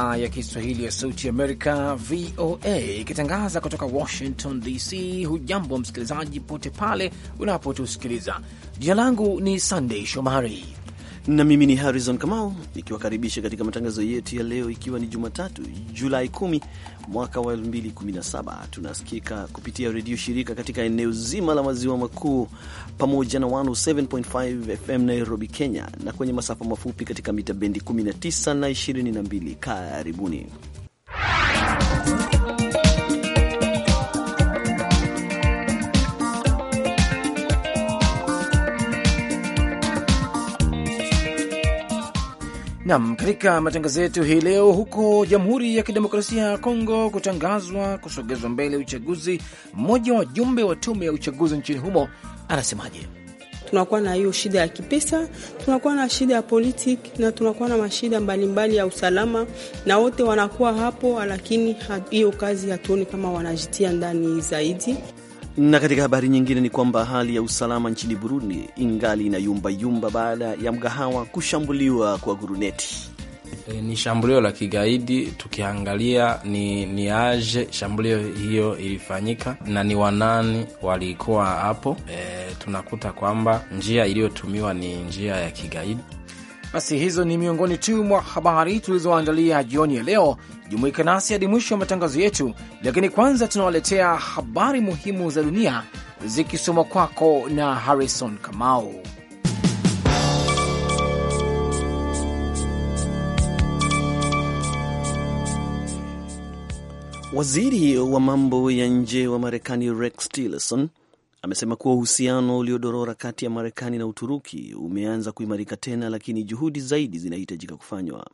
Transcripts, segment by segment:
idhaa ya Kiswahili ya Sauti Amerika, VOA, ikitangaza kutoka Washington DC. Hujambo msikilizaji pote pale unapotusikiliza. Jina langu ni sandey Shomari na mimi ni Harrison Kamau nikiwakaribisha katika matangazo yetu ya leo, ikiwa ni Jumatatu Julai 10 mwaka wa 2017. Tunasikika kupitia redio shirika katika eneo zima la maziwa makuu pamoja na 107.5 FM Nairobi, Kenya, na kwenye masafa mafupi katika mita bendi 19 na 22. Karibuni Nam, katika matangazo yetu hii leo, huko Jamhuri ya Kidemokrasia ya Kongo kutangazwa kusogezwa mbele uchaguzi. Mmoja wa jumbe wa tume ya uchaguzi nchini humo anasemaje? Tunakuwa na hiyo shida ya kipesa, tunakuwa na shida ya politik na tunakuwa na mashida mbalimbali ya usalama, na wote wanakuwa hapo, lakini hiyo kazi hatuoni kama wanajitia ndani zaidi. Na katika habari nyingine ni kwamba hali ya usalama nchini Burundi ingali inayumbayumba baada ya mgahawa kushambuliwa kwa guruneti. E, ni shambulio la kigaidi tukiangalia ni, ni aje shambulio hiyo ilifanyika na ni wanani walikuwa hapo. E, tunakuta kwamba njia iliyotumiwa ni njia ya kigaidi. Basi hizo ni miongoni tu mwa habari tulizoandalia jioni ya leo. Jumuika nasi hadi mwisho wa matangazo yetu, lakini kwanza tunawaletea habari muhimu za dunia zikisomwa kwako na Harrison Kamau. Waziri wa mambo ya nje wa Marekani Rex Tillerson amesema kuwa uhusiano uliodorora kati ya Marekani na Uturuki umeanza kuimarika tena, lakini juhudi zaidi zinahitajika kufanywa.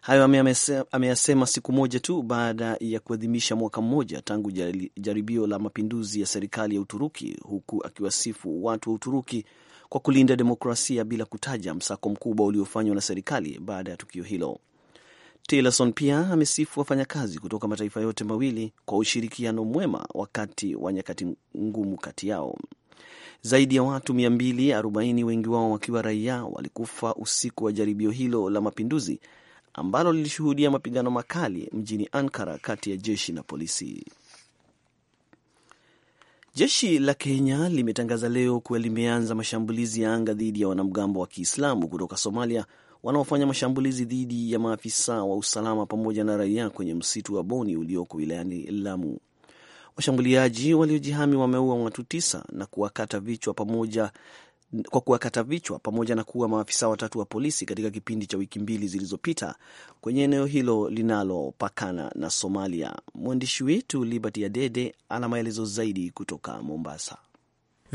Hayo ameyasema siku moja tu baada ya kuadhimisha mwaka mmoja tangu jaribio la mapinduzi ya serikali ya Uturuki, huku akiwasifu watu wa Uturuki kwa kulinda demokrasia bila kutaja msako mkubwa uliofanywa na serikali baada ya tukio hilo. Tillerson pia amesifu wafanyakazi kutoka mataifa yote mawili kwa ushirikiano mwema wakati wa nyakati ngumu kati yao. Zaidi ya watu 240 wengi wao wakiwa raia, walikufa usiku wa jaribio hilo la mapinduzi ambalo lilishuhudia mapigano makali mjini Ankara kati ya jeshi na polisi. Jeshi la Kenya limetangaza leo kuwa limeanza mashambulizi ya anga dhidi ya wanamgambo wa Kiislamu kutoka Somalia wanaofanya mashambulizi dhidi ya maafisa wa usalama pamoja na raia kwenye msitu wa Boni ulioko wilayani Lamu. Washambuliaji waliojihami wameua watu tisa na kuwakata vichwa pamoja kwa kuwakata vichwa pamoja na kuua maafisa watatu wa polisi katika kipindi cha wiki mbili zilizopita kwenye eneo hilo linalopakana na Somalia. Mwandishi wetu Liberty Adede ana maelezo zaidi kutoka Mombasa.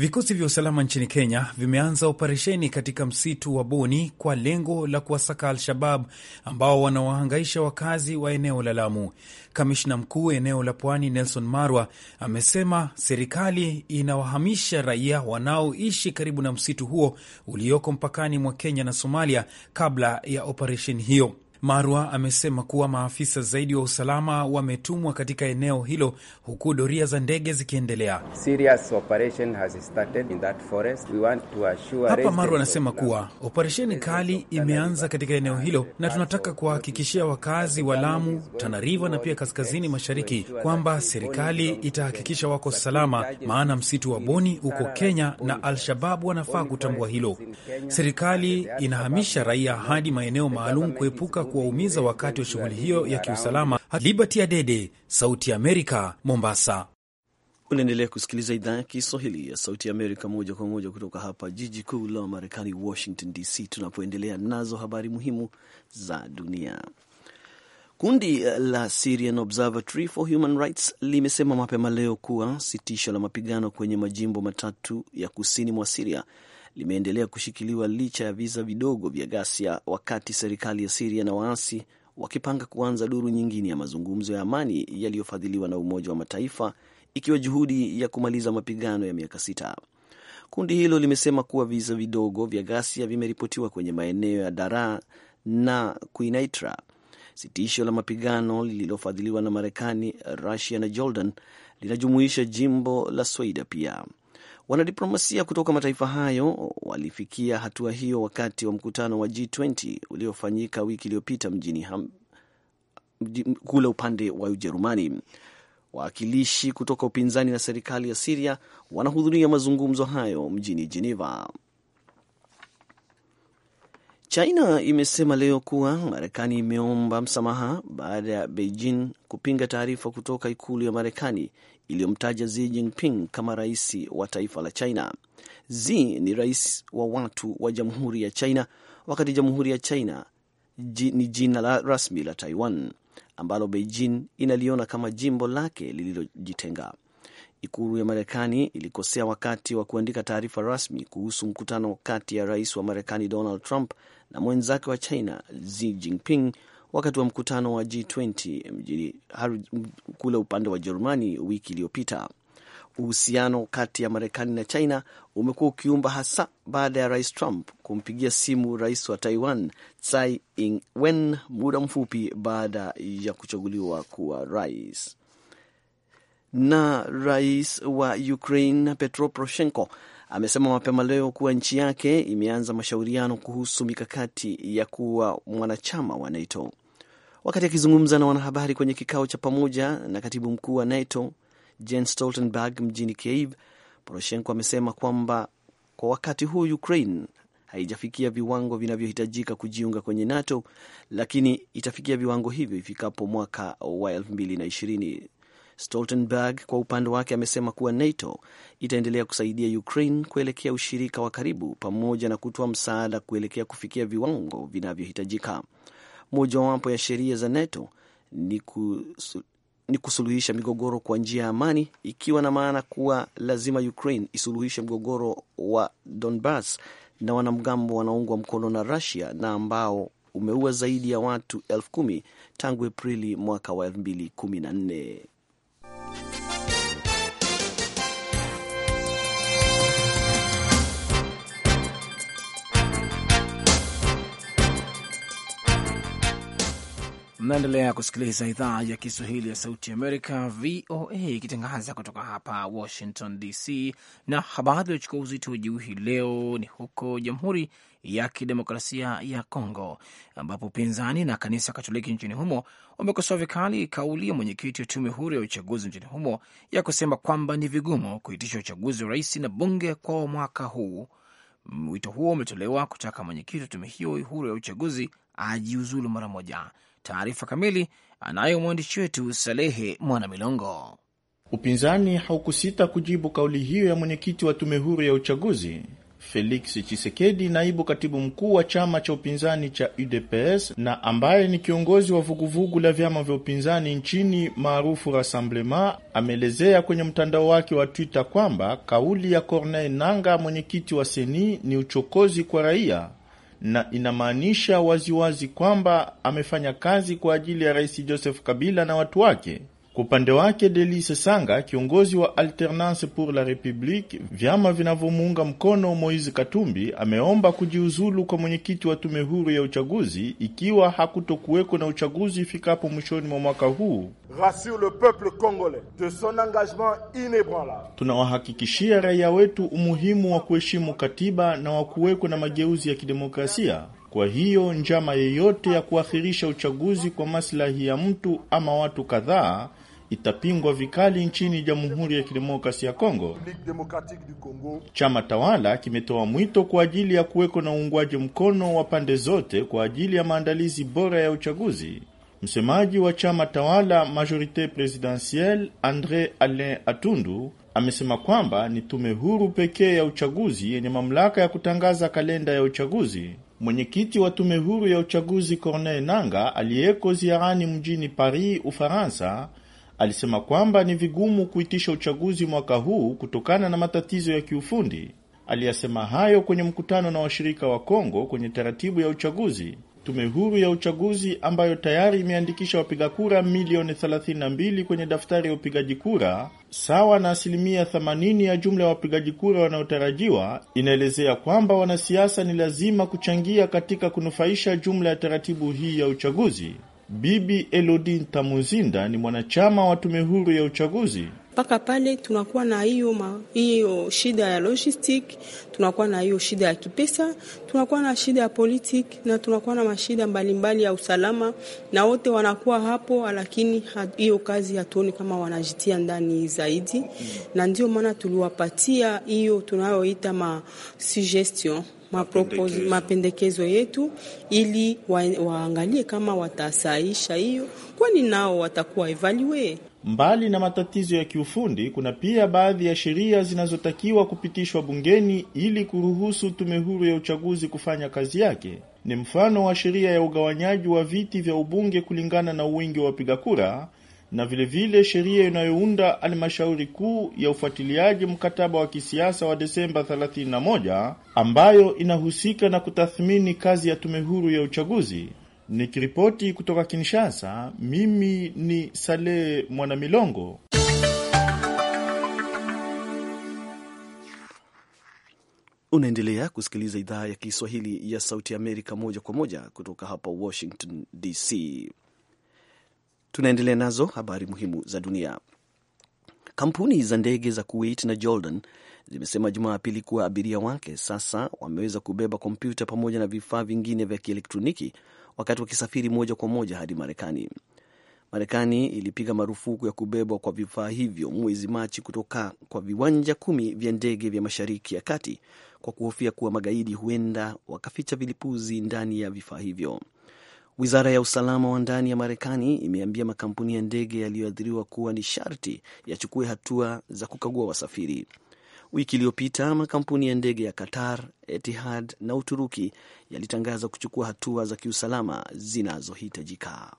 Vikosi vya usalama nchini Kenya vimeanza operesheni katika msitu wa Boni kwa lengo la kuwasaka Al-Shabab ambao wanawahangaisha wakazi wa eneo la Lamu. Kamishna mkuu eneo la Pwani Nelson Marwa amesema serikali inawahamisha raia wanaoishi karibu na msitu huo ulioko mpakani mwa Kenya na Somalia kabla ya operesheni hiyo. Marwa amesema kuwa maafisa zaidi wa usalama wametumwa katika eneo hilo huku doria za ndege zikiendelea. Hapa Marwa anasema kuwa operesheni kali imeanza katika eneo hilo na tunataka kuwahakikishia wakazi wa Lamu, Tana River na pia kaskazini mashariki kwamba serikali itahakikisha wako salama, maana msitu wa Boni uko Kenya na Al-Shababu wanafaa kutambua hilo. Serikali inahamisha raia hadi maeneo maalum kuepuka kuwaumiza wakati wa shughuli hiyo ya kiusalama. Liberty Adede, Sauti ya Amerika, Mombasa. Unaendelea kusikiliza idhaa ya Kiswahili ya Sauti ya Amerika moja kwa moja kutoka hapa jiji kuu la Marekani, Washington DC, tunapoendelea nazo habari muhimu za dunia. Kundi la Syrian Observatory for Human Rights limesema mapema leo kuwa sitisho la mapigano kwenye majimbo matatu ya kusini mwa Siria limeendelea kushikiliwa licha ya visa vidogo vya ghasia, wakati serikali ya Siria na waasi wakipanga kuanza duru nyingine ya mazungumzo ya amani yaliyofadhiliwa na Umoja wa Mataifa, ikiwa juhudi ya kumaliza mapigano ya miaka sita. Kundi hilo limesema kuwa visa vidogo vya ghasia vimeripotiwa kwenye maeneo ya Daraa na Quneitra. Sitisho la mapigano lililofadhiliwa na Marekani, Rusia na Jordan linajumuisha jimbo la Sweida pia. Wanadiplomasia kutoka mataifa hayo walifikia hatua hiyo wakati wa mkutano wa G20 uliofanyika wiki iliyopita mjini ham, kule upande wa Ujerumani. Wawakilishi kutoka upinzani na serikali ya Siria wanahudhuria mazungumzo hayo mjini Geneva. China imesema leo kuwa Marekani imeomba msamaha baada ya Beijing kupinga taarifa kutoka ikulu ya Marekani iliyomtaja Xi Jinping kama rais wa taifa la China. Xi ni rais wa watu wa Jamhuri ya China, wakati Jamhuri ya China ni jina la rasmi la Taiwan ambalo Beijing inaliona kama jimbo lake lililojitenga. Ikulu ya Marekani ilikosea wakati wa kuandika taarifa rasmi kuhusu mkutano kati ya rais wa Marekani Donald Trump na mwenzake wa China Xi Jinping wakati wa mkutano wa G20 mjini kule upande wa Jerumani wiki iliyopita. Uhusiano kati ya Marekani na China umekuwa ukiumba hasa baada ya Rais Trump kumpigia simu rais wa Taiwan Tsai Ing-wen muda mfupi baada ya kuchaguliwa kuwa rais. Na rais wa Ukraine Petro Poroshenko amesema mapema leo kuwa nchi yake imeanza mashauriano kuhusu mikakati ya kuwa mwanachama wa NATO. Wakati akizungumza na wanahabari kwenye kikao cha pamoja na katibu mkuu wa NATO Jens Stoltenberg mjini Kiev, Poroshenko amesema kwamba kwa wakati huu Ukraine haijafikia viwango vinavyohitajika kujiunga kwenye NATO, lakini itafikia viwango hivyo ifikapo mwaka wa 2020. Stoltenberg kwa upande wake amesema kuwa NATO itaendelea kusaidia Ukraine kuelekea ushirika wa karibu pamoja na kutoa msaada kuelekea kufikia viwango vinavyohitajika. Mojawapo ya sheria za NATO ni ni kusuluhisha migogoro kwa njia ya amani, ikiwa na maana kuwa lazima Ukraine isuluhishe mgogoro wa Donbas na wanamgambo wanaoungwa mkono na rasia na ambao umeua zaidi ya watu elfu kumi tangu Aprili mwaka wa 2014. Mnaendelea kusikiliza idhaa ya Kiswahili ya Sauti Amerika, VOA, ikitangaza kutoka hapa Washington DC. Na habari iliyochukua uzito wa juu hii leo ni huko Jamhuri ya Kidemokrasia ya congo ambapo upinzani na kanisa Katoliki nchini humo wamekosoa vikali kauli ya mwenyekiti wa tume huru ya uchaguzi nchini humo ya kusema kwamba ni vigumu kuitisha uchaguzi wa rais na bunge kwa mwaka huu. Wito huo umetolewa kutaka mwenyekiti wa tume hiyo huru ya uchaguzi ajiuzulu mara moja. Taarifa kamili anayo mwandishi wetu Salehe Mwanamilongo. Upinzani haukusita kujibu kauli hiyo ya mwenyekiti wa tume huru ya uchaguzi Felix Chisekedi, naibu katibu mkuu wa chama cha upinzani cha UDPS na ambaye ni kiongozi wa vuguvugu la vyama vya upinzani nchini maarufu Rassemblement, ameelezea kwenye mtandao wake wa Twitter kwamba kauli ya Corneille Nanga, mwenyekiti wa Seni, ni uchokozi kwa raia na inamaanisha waziwazi kwamba amefanya kazi kwa ajili ya Rais Joseph Kabila na watu wake. Kwa upande wake Delise Sanga, kiongozi wa Alternance pour la Republique, vyama vinavyomuunga mkono Moise Katumbi, ameomba kujiuzulu kwa mwenyekiti wa tume huru ya uchaguzi ikiwa hakutokuweko na uchaguzi ifikapo mwishoni mwa mwaka huu. Rassure le peuple congolais de son engagement inébranlable. Tunawahakikishia raia wetu umuhimu wa kuheshimu katiba na wa kuweko na mageuzi ya kidemokrasia. Kwa hiyo njama yeyote ya kuahirisha uchaguzi kwa maslahi ya mtu ama watu kadhaa itapingwa vikali nchini Jamhuri ya Kidemokrasi ya Kongo. Chama tawala kimetoa mwito kwa ajili ya kuweko na uungwaji mkono wa pande zote kwa ajili ya maandalizi bora ya uchaguzi. Msemaji wa chama tawala Majorite Presidentielle Andre Alain Atundu amesema kwamba ni tume huru pekee ya uchaguzi yenye mamlaka ya kutangaza kalenda ya uchaguzi. Mwenyekiti wa tume huru ya uchaguzi Corneille Nanga aliyeko ziarani mjini Paris, Ufaransa alisema kwamba ni vigumu kuitisha uchaguzi mwaka huu kutokana na matatizo ya kiufundi. Aliyasema hayo kwenye mkutano na washirika wa Kongo kwenye taratibu ya uchaguzi. Tume huru ya uchaguzi ambayo tayari imeandikisha wapiga kura milioni 32 kwenye daftari ya upigaji kura sawa na asilimia 80 ya jumla ya wapigaji kura wanaotarajiwa, inaelezea kwamba wanasiasa ni lazima kuchangia katika kunufaisha jumla ya taratibu hii ya uchaguzi. Bibi Elodin tamuzinda ni mwanachama wa tume huru ya uchaguzi. Mpaka pale tunakuwa na hiyo hiyo shida ya logistic, tunakuwa na hiyo shida ya kipesa, tunakuwa na shida ya politik, na tunakuwa na mashida mbalimbali ya usalama, na wote wanakuwa hapo, lakini hiyo kazi hatuoni kama wanajitia ndani zaidi, mm. na ndio maana tuliwapatia hiyo tunayoita ma suggestion mapendekezo yetu, ili wa, waangalie kama watasaisha hiyo, kwani nao watakuwa evalue. Mbali na matatizo ya kiufundi, kuna pia baadhi ya sheria zinazotakiwa kupitishwa bungeni ili kuruhusu tume huru ya uchaguzi kufanya kazi yake. Ni mfano wa sheria ya ugawanyaji wa viti vya ubunge kulingana na wingi wa wapiga kura na vilevile sheria inayounda almashauri kuu ya ufuatiliaji mkataba wa kisiasa wa Desemba 31 ambayo inahusika na kutathmini kazi ya tume huru ya uchaguzi. Nikiripoti kutoka Kinshasa, mimi ni Saleh Mwanamilongo. Unaendelea kusikiliza idhaa ya Kiswahili ya Sauti Amerika moja kwa moja kutoka hapa Washington DC. Tunaendelea nazo habari muhimu za dunia. Kampuni za ndege za Kuwait na Jordan zimesema Jumapili kuwa abiria wake sasa wameweza kubeba kompyuta pamoja na vifaa vingine vya kielektroniki wakati wakisafiri moja kwa moja hadi Marekani. Marekani ilipiga marufuku ya kubebwa kwa vifaa hivyo mwezi Machi kutoka kwa viwanja kumi vya ndege vya Mashariki ya Kati kwa kuhofia kuwa magaidi huenda wakaficha vilipuzi ndani ya vifaa hivyo. Wizara ya usalama wa ndani ya Marekani imeambia makampuni ya ndege yaliyoathiriwa kuwa ni sharti yachukue hatua za kukagua wasafiri. Wiki iliyopita makampuni ya ndege ya Qatar, Etihad na Uturuki yalitangaza kuchukua hatua za kiusalama zinazohitajika.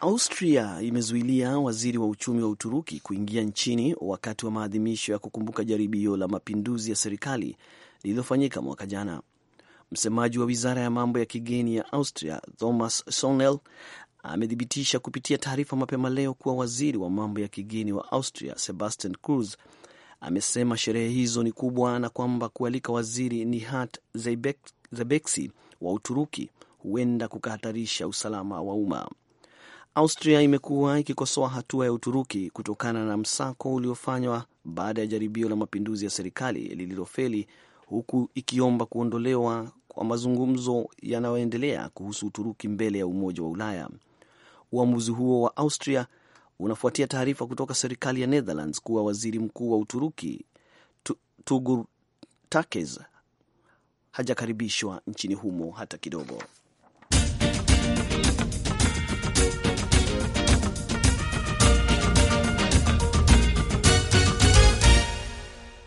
Austria imezuilia waziri wa uchumi wa Uturuki kuingia nchini wakati wa maadhimisho ya kukumbuka jaribio la mapinduzi ya serikali lililofanyika mwaka jana. Msemaji wa wizara ya mambo ya kigeni ya Austria Thomas Sonnel amethibitisha kupitia taarifa mapema leo kuwa waziri wa mambo ya kigeni wa Austria Sebastian Kurz amesema sherehe hizo ni kubwa na kwamba kualika waziri Nihat Zebeksi wa Uturuki huenda kukahatarisha usalama wa umma. Austria imekuwa ikikosoa hatua ya Uturuki kutokana na msako uliofanywa baada ya jaribio la mapinduzi ya serikali lililofeli huku ikiomba kuondolewa kwa mazungumzo yanayoendelea kuhusu Uturuki mbele ya Umoja wa Ulaya. Uamuzi huo wa Austria unafuatia taarifa kutoka serikali ya Netherlands kuwa waziri mkuu wa Uturuki Tugur Takes hajakaribishwa nchini humo hata kidogo.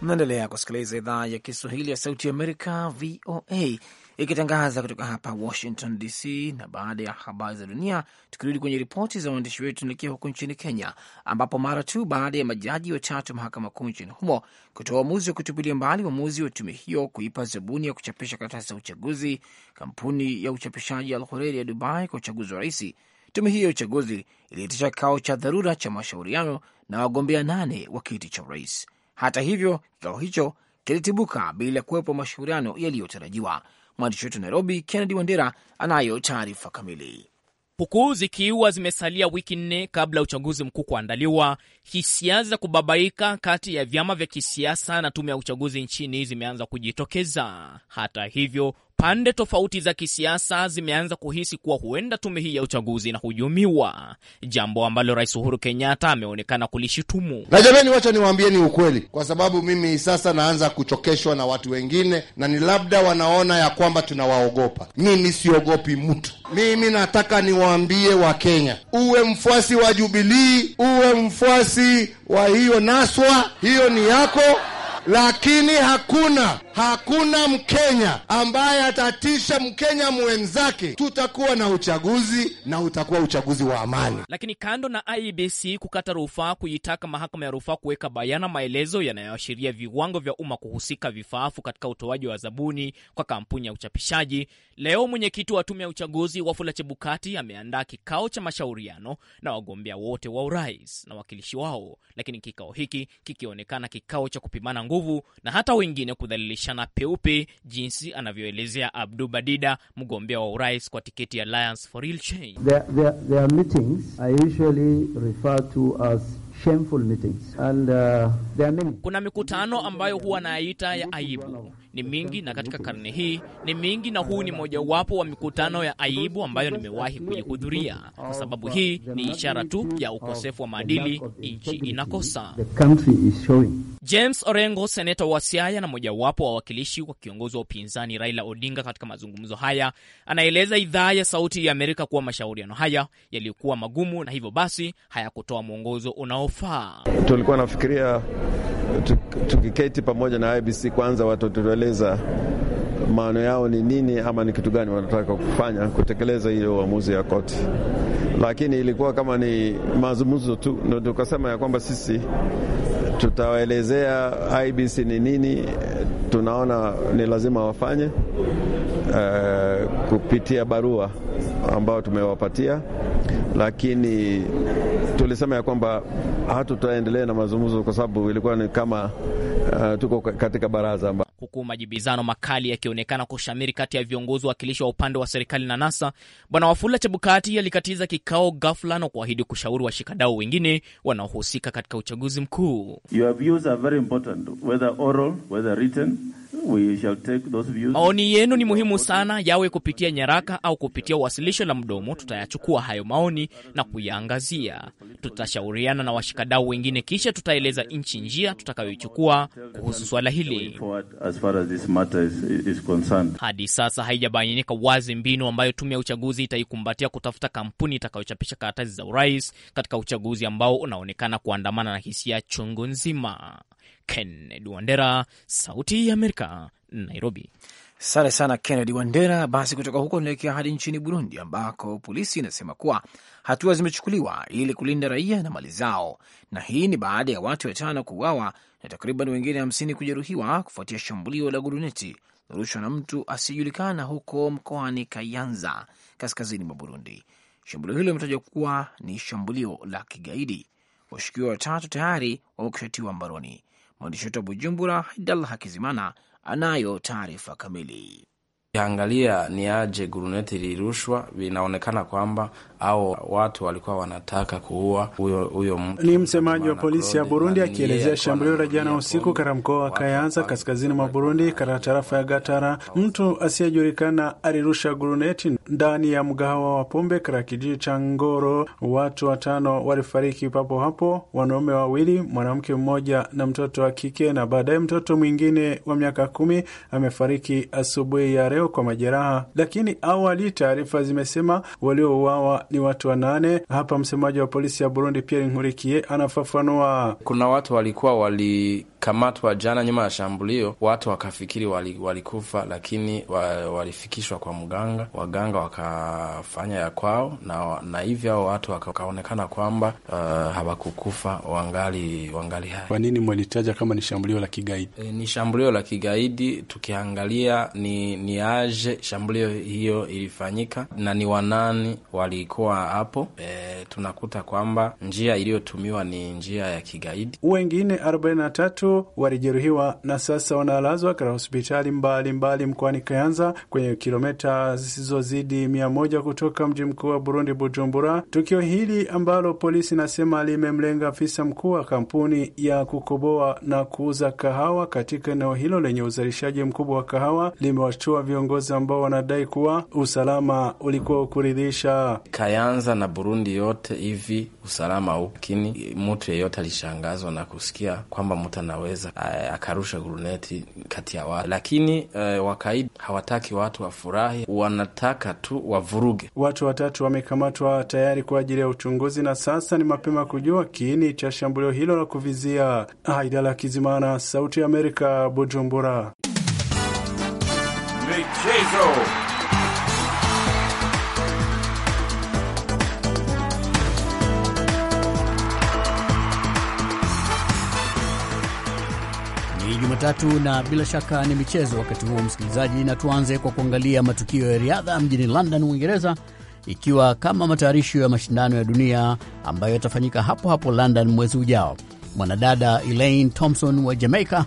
Naendelea kusikiliza idhaa ya Kiswahili ya Sauti ya Amerika, VOA, ikitangaza kutoka hapa Washington DC. Na baada ya habari za dunia, tukirudi kwenye ripoti za waandishi wetu, tunaelekea huko nchini Kenya, ambapo mara tu baada ya majaji watatu mahakama kuu nchini humo kutoa uamuzi wa kutupilia mbali uamuzi wa tume hiyo kuipa zabuni ya kuchapisha karatasi za uchaguzi kampuni ya uchapishaji Al ya Dubai kwa uchaguzi wa raisi, tume hiyo ya uchaguzi iliitisha kikao cha dharura cha mashauriano na wagombea nane wa kiti cha urais. Hata hivyo, kikao hicho kilitibuka bila kuwepo mashauriano yaliyotarajiwa. Mwandishi wetu Nairobi, Kennedy Wandera anayo taarifa kamili. Huku zikiwa zimesalia wiki nne kabla ya uchaguzi mkuu kuandaliwa, hisia za kubabaika kati ya vyama vya kisiasa na tume ya uchaguzi nchini zimeanza kujitokeza. Hata hivyo, Pande tofauti za kisiasa zimeanza kuhisi kuwa huenda tume hii ya uchaguzi inahujumiwa, jambo ambalo Rais Uhuru Kenyatta ameonekana kulishutumu. Na jameni, wacha niwaambieni ukweli, kwa sababu mimi sasa naanza kuchokeshwa na watu wengine, na ni labda wanaona ya kwamba tunawaogopa. Mimi siogopi mtu, mimi nataka niwaambie Wakenya, uwe mfuasi wa Jubilii, uwe mfuasi wa hiyo Naswa, hiyo ni yako, lakini hakuna Hakuna Mkenya ambaye atatisha Mkenya mwenzake. Tutakuwa na uchaguzi na utakuwa uchaguzi wa amani. Lakini kando na IEBC kukata rufaa kuitaka mahakama ya rufaa kuweka bayana maelezo yanayoashiria viwango vya umma kuhusika vifaafu katika utoaji wa zabuni kwa kampuni ya uchapishaji, leo mwenyekiti wa tume ya uchaguzi Wafula Chebukati ameandaa kikao cha mashauriano na wagombea wote wa urais na wakilishi wao, lakini kikao hiki kikionekana kikao cha kupimana nguvu na hata wengine kudhalilisha mchana peupe, jinsi anavyoelezea Abdu Badida, mgombea wa urais kwa tiketi ya Alliance for Real Change. meetings usually to as shameful meetings and uh, there are many. Kuna mikutano ambayo huwa naaita ya aibu ni mingi na katika karne hii ni mingi, na huu ni mojawapo wa mikutano ya aibu ambayo nimewahi kuihudhuria, kwa sababu uh, hii ni ishara tu ya ukosefu wa maadili nchi inakosa. James Orengo, seneta wa Siaya na mojawapo wa wawakilishi wa kiongozi wa upinzani Raila Odinga, katika mazungumzo haya anaeleza idhaa ya Sauti ya Amerika kuwa mashauriano haya yaliyokuwa magumu na hivyo basi hayakutoa mwongozo unaofaa. Tulikuwa nafikiria tukiketi pamoja na IBC kwanza watatueleza maano yao ni nini ama ni kitu gani wanataka kufanya kutekeleza hiyo uamuzi ya koti. Lakini ilikuwa kama ni mazungumzo tu, ndo tukasema ya kwamba sisi tutawaelezea IBC ni nini, tunaona ni lazima wafanye uh, kupitia barua ambayo tumewapatia, lakini tulisema ya kwamba hatutaendelea na mazungumzo kwa sababu ilikuwa ni kama uh, tuko katika baraza amba huku majibizano makali yakionekana kushamiri kati ya viongozi wakilishi wa upande wa serikali na NASA, Bwana Wafula Chebukati alikatiza kikao ghafla na kuahidi kushauri washikadau wengine wanaohusika katika uchaguzi mkuu. Maoni yenu ni muhimu sana, yawe kupitia nyaraka au kupitia uwasilisho la mdomo. Tutayachukua hayo maoni na kuyaangazia. Tutashauriana na washikadau wengine, kisha tutaeleza nchi njia tutakayoichukua kuhusu swala hili far as this matter is, is concerned. Hadi sasa haijabainika wazi mbinu ambayo tume ya uchaguzi itaikumbatia kutafuta kampuni itakayochapisha karatasi za urais katika uchaguzi ambao unaonekana kuandamana na hisia chungu nzima. Kennedy Wandera, Sauti ya Amerika, Nairobi. Asante sana Kennedy Wandera. Basi kutoka huko tunaelekea hadi nchini Burundi, ambako polisi inasema kuwa hatua zimechukuliwa ili kulinda raia na mali zao, na hii ni baada ya watu watano kuuawa na takriban wengine hamsini kujeruhiwa kufuatia shambulio la guruneti lorushwa na mtu asiyejulikana huko mkoani Kayanza, kaskazini mwa Burundi. Shambulio hilo limetajwa kuwa ni shambulio la kigaidi. Washukiwa watatu tayari wamekushatiwa mbaroni. Mwandishi wetu wa Bujumbura, Haidallah Hakizimana anayo taarifa kamili. Angalia ni aje guruneti lilirushwa, vinaonekana kwamba au watu walikuwa wanataka kuua huyo mtu. Ni msemaji wa polisi ya Burundi akielezea shambulio la jana usiku katika mkoa wa Kayanza kaskazini mwa Burundi, katika tarafa ya Gatara. Mtu asiyejulikana alirusha guruneti ndani ya mgahawa wa pombe katika kijiji cha Ngoro. Watu watano walifariki papo hapo, wanaume wawili, mwanamke mmoja na mtoto wa kike, na baadaye mtoto mwingine wa miaka kumi amefariki asubuhi ya leo kwa majeraha, lakini awali taarifa zimesema waliouawa ni watu wanane. Hapa msemaji wa polisi ya Burundi Pierre Nkurikiye anafafanua. Kuna watu walikuwa walikamatwa jana nyuma ya shambulio, watu wakafikiri walikufa wali, lakini walifikishwa kwa mganga, waganga wakafanya ya kwao, na, na hivyo hao watu wakaonekana kwamba uh, hawakukufa, wangali wangali hai. Kwa nini mwalitaja kama ni shambulio la kigaidi? E, ni shambulio la kigaidi tukiangalia ni, ni aje shambulio hiyo ilifanyika na ni wanani waliku mkoa hapo e, tunakuta kwamba njia iliyotumiwa ni njia ya kigaidi. Wengine 43 walijeruhiwa na sasa wanalazwa katika hospitali mbalimbali mkoani Kayanza, kwenye kilometa zisizozidi i1 kutoka mji mkuu wa Burundi, Bujumbura. Tukio hili ambalo polisi inasema limemlenga afisa mkuu wa kampuni ya kukoboa na kuuza kahawa katika eneo hilo lenye uzalishaji mkubwa wa kahawa limewashtua viongozi ambao wanadai kuwa usalama ulikuwa ukuridhisha ikayanza na Burundi yote hivi usalama lakini mtu yeyote alishangazwa na kusikia kwamba mtu anaweza eh, akarusha guruneti kati ya watu, lakini e, wakaidi hawataki watu wafurahi, wanataka tu wavuruge. Watu watatu wamekamatwa tayari kwa ajili ya uchunguzi, na sasa ni mapema kujua kiini cha shambulio hilo la kuvizia. Haidala Kizimana, Sauti ya Amerika, Bujumbura. Michezo. tatu na bila shaka ni michezo wakati huo, msikilizaji, na tuanze kwa kuangalia matukio ya riadha mjini London, Uingereza, ikiwa kama matayarisho ya mashindano ya dunia ambayo yatafanyika hapo hapo London mwezi ujao. Mwanadada Elaine Thompson wa Jamaica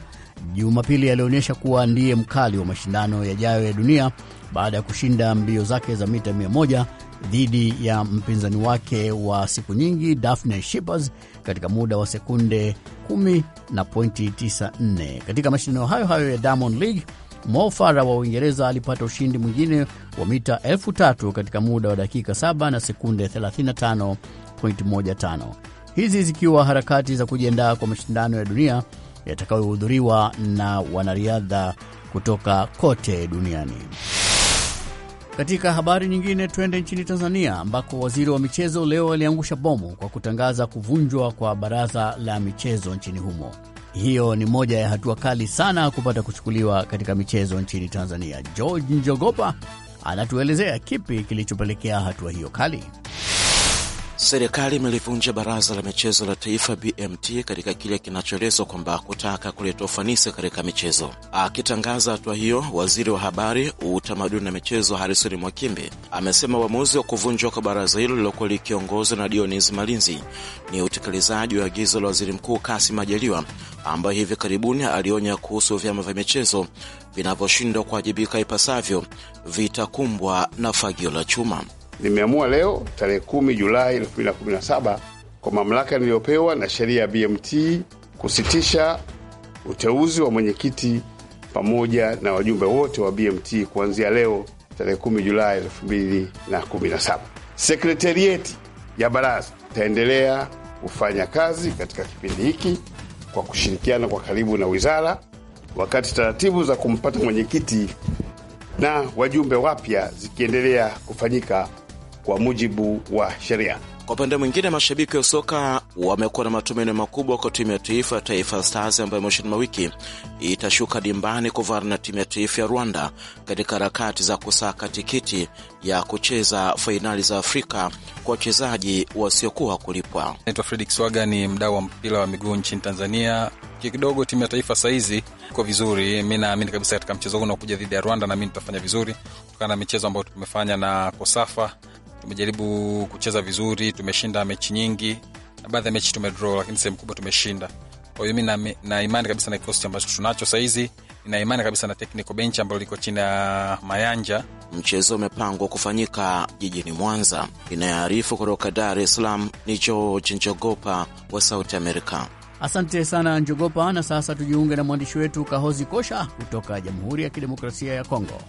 Jumapili alionyesha kuwa ndiye mkali wa mashindano yajayo ya dunia baada ya kushinda mbio zake za mita dhidi ya mpinzani wake wa siku nyingi Daphne Shippers katika muda wa sekunde 10 na pointi 94. Katika mashindano hayo hayo ya Diamond League, Mo Farah wa Uingereza alipata ushindi mwingine wa mita elfu tatu katika muda wa dakika 7 na sekunde 35.15, hizi zikiwa harakati za kujiandaa kwa mashindano ya dunia yatakayohudhuriwa na wanariadha kutoka kote duniani. Katika habari nyingine, twende nchini Tanzania ambako waziri wa michezo leo aliangusha bomu kwa kutangaza kuvunjwa kwa baraza la michezo nchini humo. Hiyo ni moja ya hatua kali sana kupata kuchukuliwa katika michezo nchini Tanzania. George Njogopa anatuelezea kipi kilichopelekea hatua hiyo kali. Serikali imelivunja baraza la michezo la taifa BMT katika kile kinachoelezwa kwamba kutaka kuleta ufanisi katika michezo. Akitangaza hatua hiyo, waziri wa habari, utamaduni na michezo harison mwakimbe amesema uamuzi wa kuvunjwa kwa baraza hilo lililokuwa likiongozwa na Dionis Malinzi ni utekelezaji wa agizo la waziri mkuu Kassim Majaliwa ambaye hivi karibuni alionya kuhusu vyama vya michezo vinavyoshindwa kuwajibika ipasavyo vitakumbwa na fagio la chuma. Nimeamua leo tarehe 10 Julai 2017 kwa mamlaka niliyopewa na sheria ya BMT kusitisha uteuzi wa mwenyekiti pamoja na wajumbe wote wa BMT kuanzia leo tarehe 10 Julai 2017. Sekretarieti ya baraza itaendelea kufanya kazi katika kipindi hiki kwa kushirikiana kwa karibu na wizara, wakati taratibu za kumpata mwenyekiti na wajumbe wapya zikiendelea kufanyika kwa mujibu wa sheria. Kwa upande mwingine, mashabiki wa soka wamekuwa na matumaini makubwa kwa timu ya taifa ya Taifa Stars ambayo mwishoni mwa wiki itashuka dimbani kuvana na timu ya taifa ya Rwanda katika harakati za kusaka tikiti ya kucheza fainali za Afrika kwa wachezaji wasiokuwa kulipwa. Naitwa Fredrick Swaga, ni mdau wa mpira wa miguu nchini Tanzania. Kidogo timu ya taifa sahizi iko vizuri, mi naamini kabisa katika mchezo huu unaokuja dhidi ya Rwanda, nami nitafanya vizuri kutokana na michezo ambayo tumefanya na Kosafa tumejaribu kucheza vizuri, tumeshinda mechi nyingi na baadhi ya mechi tumedraw, lakini sehemu kubwa tumeshinda. Kwa hiyo mi na imani kabisa na kikosi ambacho tunacho sahizi, nina imani kabisa na technical bench ambalo liko chini ya Mayanja. Mchezo umepangwa kufanyika jijini Mwanza. Inayoarifu kutoka Dar es Salaam ni George Njogopa wa Sauti Amerika. Asante sana Njogopa, na sasa tujiunge na mwandishi wetu Kahozi Kosha kutoka Jamhuri ya Kidemokrasia ya Kongo.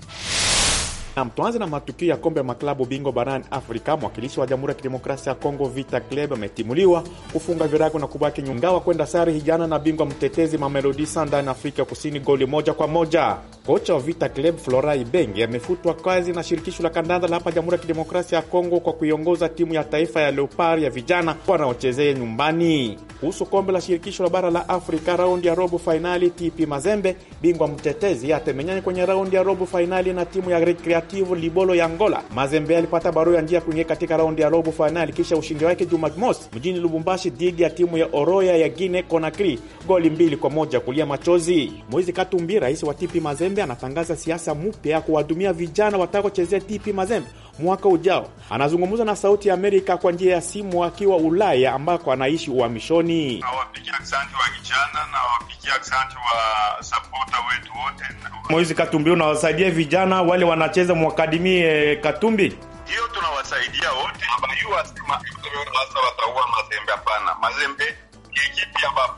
Nam, tuanze na matukio ya kombe ya maklabu bingwa barani Afrika. Mwakilishi wa Jamhuri ya Kidemokrasia ya Kongo Vita Club ametimuliwa kufunga virago na kubaki nyungawa kwenda sare hijana na bingwa mtetezi Mamelodi Sundowns Afrika Kusini goli moja kwa moja. Kocha wa Vita Club Florai Ibenge amefutwa kazi na shirikisho la kandanda la hapa Jamhuri ya Kidemokrasia ya Kongo kwa kuiongoza timu ya taifa ya Leopard ya vijana wanaochezea nyumbani. Kuhusu kombe la shirikisho la bara la Afrika raundi ya robo fainali, TP Mazembe bingwa mtetezi atemenyani kwenye raundi ya robo fainali na timu ya Recreation Recreativo Libolo ya Angola. Mazembe alipata barua ya njia kuingia katika raundi ya robo fainali kisha ushindi wake Jumamosi mjini Lubumbashi dhidi ya timu ya Oroya ya Guinea Conakry goli mbili kwa moja kulia machozi. Moizi Katumbi, rais wa TP Mazembe, anatangaza siasa mpya ya kuwadumia vijana watakochezea TP Mazembe mwaka ujao. Anazungumza na Sauti ya Amerika kwa njia ya simu akiwa Ulaya ambako anaishi uhamishoni. Nawapigia asante wa vijana na wapigia asante wa supporter wetu wote. Moizi Katumbi, unawasaidia vijana wale wanacheza mnaweza mwakadimie Katumbi? Hiyo tunawasaidia wote, abayuwasema wataua mazembe. Hapana, mazembe kikipi ambapo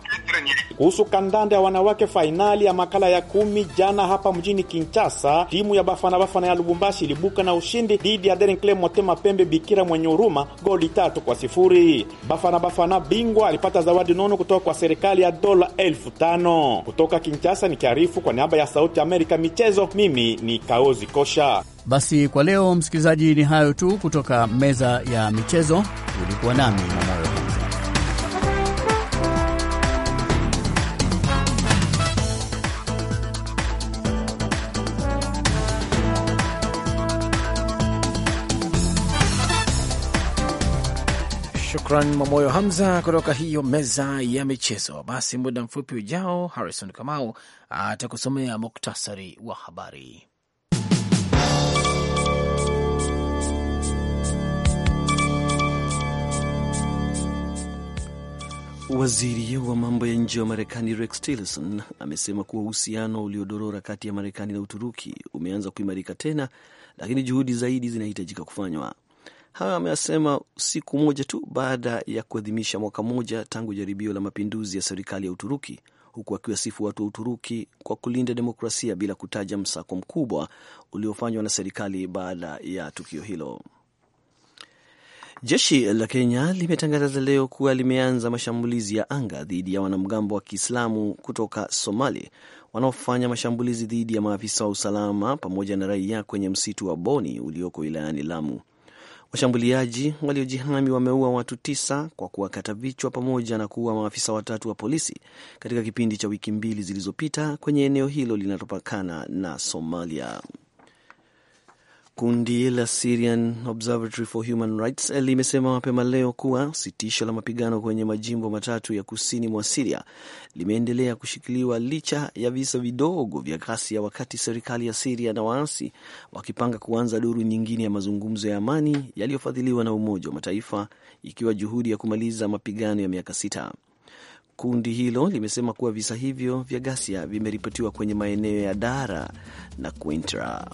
kuhusu kandanda ya wanawake, fainali ya makala ya kumi jana hapa mjini Kinshasa, timu ya Bafana Bafana ya Lubumbashi ilibuka na ushindi dhidi ya Derenkle Motema Pembe Bikira mwenye huruma goli tatu kwa sifuri. Bafana Bafana bingwa alipata zawadi nono kutoka kwa serikali ya dola elfu tano. Kutoka Kinshasa nikiarifu kwa niaba ya Sauti Amerika michezo, mimi ni Kaozi Kosha. Basi kwa leo msikilizaji, ni hayo tu kutoka meza ya michezo. Ulikuwa nami Mamayo. Shukran Mamoyo Hamza kutoka hiyo meza ya michezo. Basi muda mfupi ujao, Harrison Kamau atakusomea muktasari wa habari. Waziri wa mambo ya nje wa Marekani Rex Tillerson amesema kuwa uhusiano uliodorora kati ya Marekani na Uturuki umeanza kuimarika tena, lakini juhudi zaidi zinahitajika kufanywa. Hayo ameyasema siku moja tu baada ya kuadhimisha mwaka mmoja tangu jaribio la mapinduzi ya serikali ya Uturuki, huku akiwasifu watu wa Uturuki kwa kulinda demokrasia bila kutaja msako mkubwa uliofanywa na serikali baada ya tukio hilo. Jeshi la Kenya limetangaza leo kuwa limeanza mashambulizi ya anga dhidi ya wanamgambo wa Kiislamu kutoka Somalia wanaofanya mashambulizi dhidi ya maafisa wa usalama pamoja na raia kwenye msitu wa Boni ulioko wilayani Lamu. Washambuliaji waliojihami wameua watu tisa kwa kuwakata vichwa pamoja na kuua maafisa watatu wa polisi katika kipindi cha wiki mbili zilizopita kwenye eneo hilo linalopakana na Somalia. Kundi la Syrian Observatory for Human Rights eh, limesema mapema leo kuwa sitisho la mapigano kwenye majimbo matatu ya kusini mwa Siria limeendelea kushikiliwa licha ya visa vidogo vya ghasia, wakati serikali ya Siria na waasi wakipanga kuanza duru nyingine ya mazungumzo ya amani yaliyofadhiliwa na Umoja wa Mataifa, ikiwa juhudi ya kumaliza mapigano ya miaka sita. Kundi hilo limesema kuwa visa hivyo vya ghasia vimeripotiwa kwenye maeneo ya Dara na Quintra.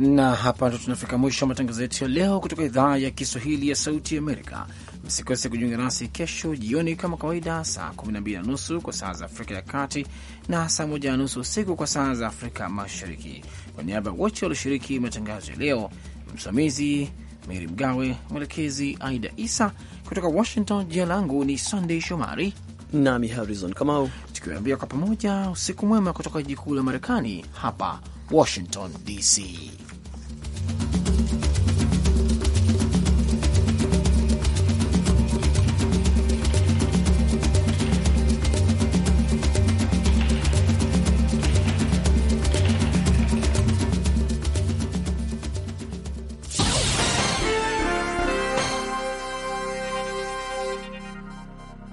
Na hapa ndo tunafika mwisho wa matangazo yetu ya leo kutoka idhaa ya Kiswahili ya Sauti Amerika. Msikose kujiunga nasi kesho jioni kama kawaida, saa 12 na nusu kwa saa za Afrika ya Kati na saa 1 na nusu usiku kwa saa za Afrika Mashariki. Kwa niaba ya wote walioshiriki matangazo ya leo, msimamizi Meri Mgawe, mwelekezi Aida Isa kutoka Washington. Jina langu ni sandey Shomari nami Harrison Kamau, tukiwaambia kwa pamoja usiku mwema kutoka jiji kuu la Marekani, hapa Washington DC.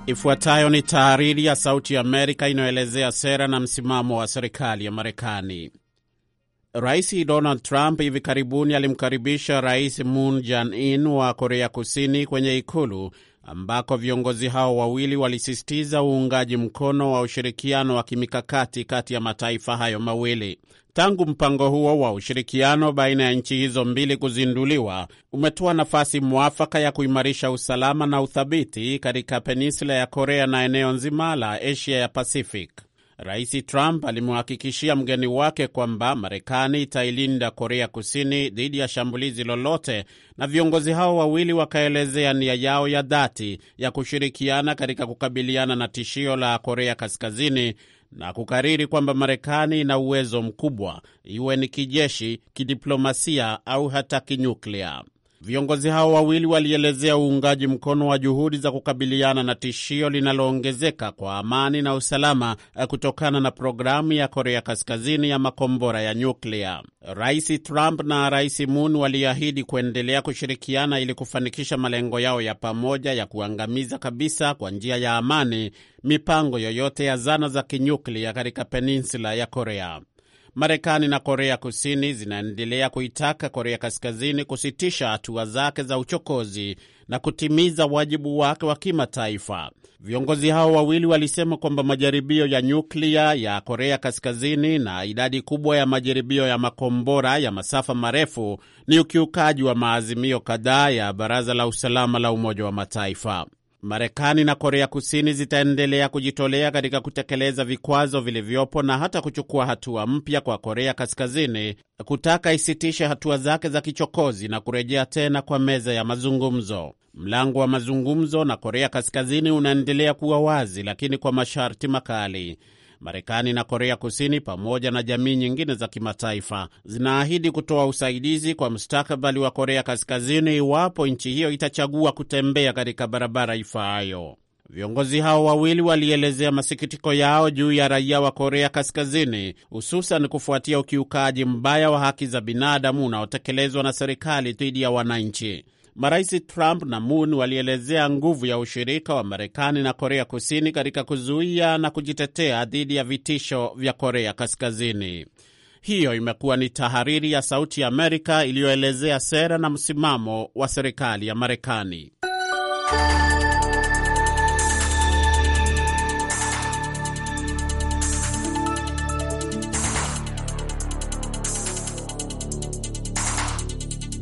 Ifuatayo ni tahariri ya Sauti ya Amerika inayoelezea sera na msimamo wa serikali ya Marekani. Rais Donald Trump hivi karibuni alimkaribisha Rais Moon Jae-in wa Korea Kusini kwenye ikulu ambako viongozi hao wawili walisisitiza uungaji mkono wa ushirikiano wa kimikakati kati ya mataifa hayo mawili. Tangu mpango huo wa ushirikiano baina ya nchi hizo mbili kuzinduliwa, umetoa nafasi mwafaka ya kuimarisha usalama na uthabiti katika peninsula ya Korea na eneo nzima la Asia ya Pacific. Rais Trump alimhakikishia mgeni wake kwamba Marekani itailinda Korea Kusini dhidi ya shambulizi lolote, na viongozi hao wawili wakaelezea nia yao ya dhati ya kushirikiana katika kukabiliana na tishio la Korea Kaskazini na kukariri kwamba Marekani ina uwezo mkubwa, iwe ni kijeshi, kidiplomasia au hata kinyuklia. Viongozi hao wawili walielezea uungaji mkono wa juhudi za kukabiliana na tishio linaloongezeka kwa amani na usalama eh, kutokana na programu ya Korea Kaskazini ya makombora ya nyuklia. Rais Trump na Rais Moon waliahidi kuendelea kushirikiana ili kufanikisha malengo yao ya pamoja ya kuangamiza kabisa kwa njia ya amani mipango yoyote ya zana za kinyuklia katika peninsula ya Korea. Marekani na Korea Kusini zinaendelea kuitaka Korea Kaskazini kusitisha hatua zake za uchokozi na kutimiza wajibu wake wa kimataifa. Viongozi hao wawili walisema kwamba majaribio ya nyuklia ya Korea Kaskazini na idadi kubwa ya majaribio ya makombora ya masafa marefu ni ukiukaji wa maazimio kadhaa ya Baraza la Usalama la Umoja wa Mataifa. Marekani na Korea Kusini zitaendelea kujitolea katika kutekeleza vikwazo vilivyopo na hata kuchukua hatua mpya kwa Korea Kaskazini kutaka isitishe hatua zake za kichokozi na kurejea tena kwa meza ya mazungumzo. Mlango wa mazungumzo na Korea Kaskazini unaendelea kuwa wazi, lakini kwa masharti makali. Marekani na Korea Kusini pamoja na jamii nyingine za kimataifa zinaahidi kutoa usaidizi kwa mustakabali wa Korea Kaskazini iwapo nchi hiyo itachagua kutembea katika barabara ifaayo. Viongozi hao wawili walielezea masikitiko yao juu ya raia wa Korea Kaskazini, hususan kufuatia ukiukaji mbaya wa haki za binadamu unaotekelezwa na serikali dhidi ya wananchi. Marais Trump na Moon walielezea nguvu ya ushirika wa Marekani na Korea Kusini katika kuzuia na kujitetea dhidi ya vitisho vya Korea Kaskazini. Hiyo imekuwa ni tahariri ya Sauti ya Amerika iliyoelezea sera na msimamo wa serikali ya Marekani.